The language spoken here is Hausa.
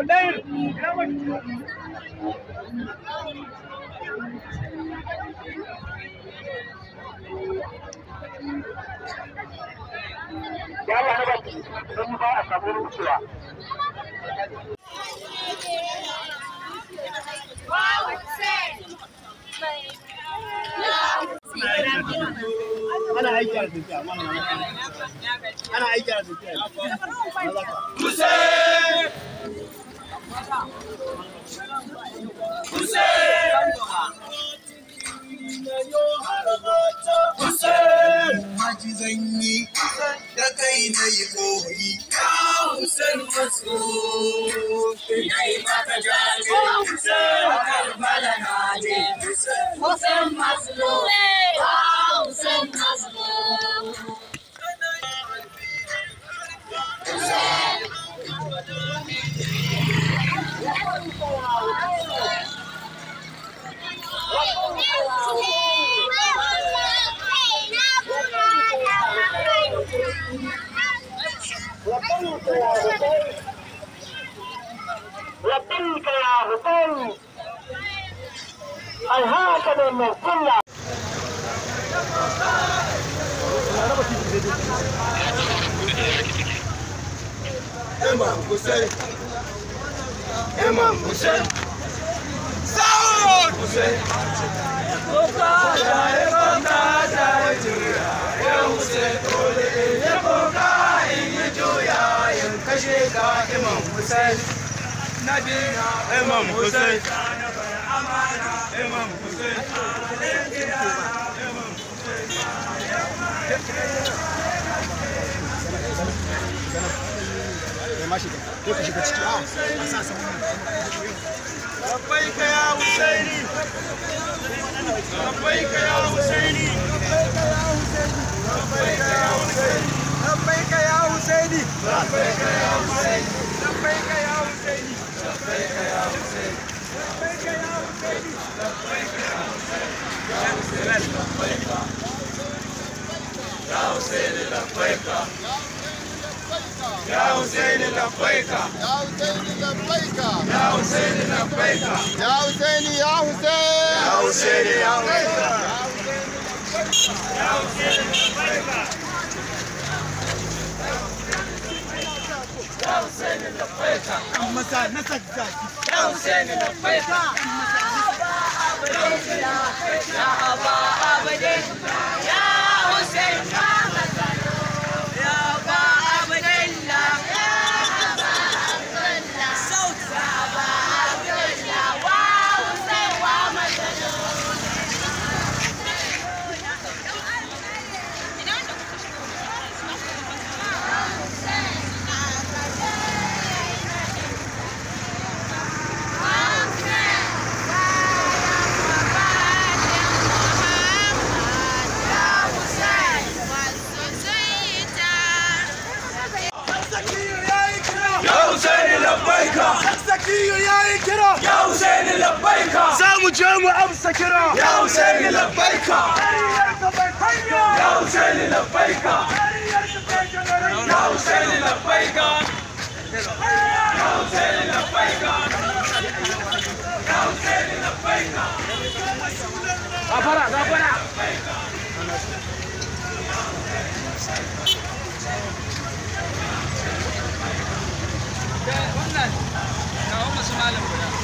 Ya ba don ba a wucewa. ana aiki a tafiya ana aiki a tafiya Haji zan yi da kai na yi koyi. Ya Hussein maso, na yi o jaje. Hussein, karbala na je. là là Lapang kaya hotel. Lapang kaya hotel. Alha ka na mo kula. Imam Hussein. Imam Hussein. Saud! Hussein. Hussein Nadina Imam Hussein Amana Imam Hussein Imam Hussein Rabbayka ya Husaini Rabbayka ya Husaini Rabbayka ya Husaini Rabbayka ya Husaini Rabbayka ya Husaini Ya Hussein lafaika Ya Hussein lafaika Ya Hussein lafaika Ya Hussein lafaika Ya Hussein in Hussein Ya Hussein in Hussein Ya Hussein lafaika Ya Hussein lafaika Ya Hussein lafaika Ya Hussein lafaika Shahaba Abedin لبيك سكسكية يا إكرا يا حسين لبيك سامو جامع أبسكرا يا حسين لبيك يا حسين لبيك يا حسين لبيك يا حسين لبيك يا حسين لبيك غفرة alam ko na.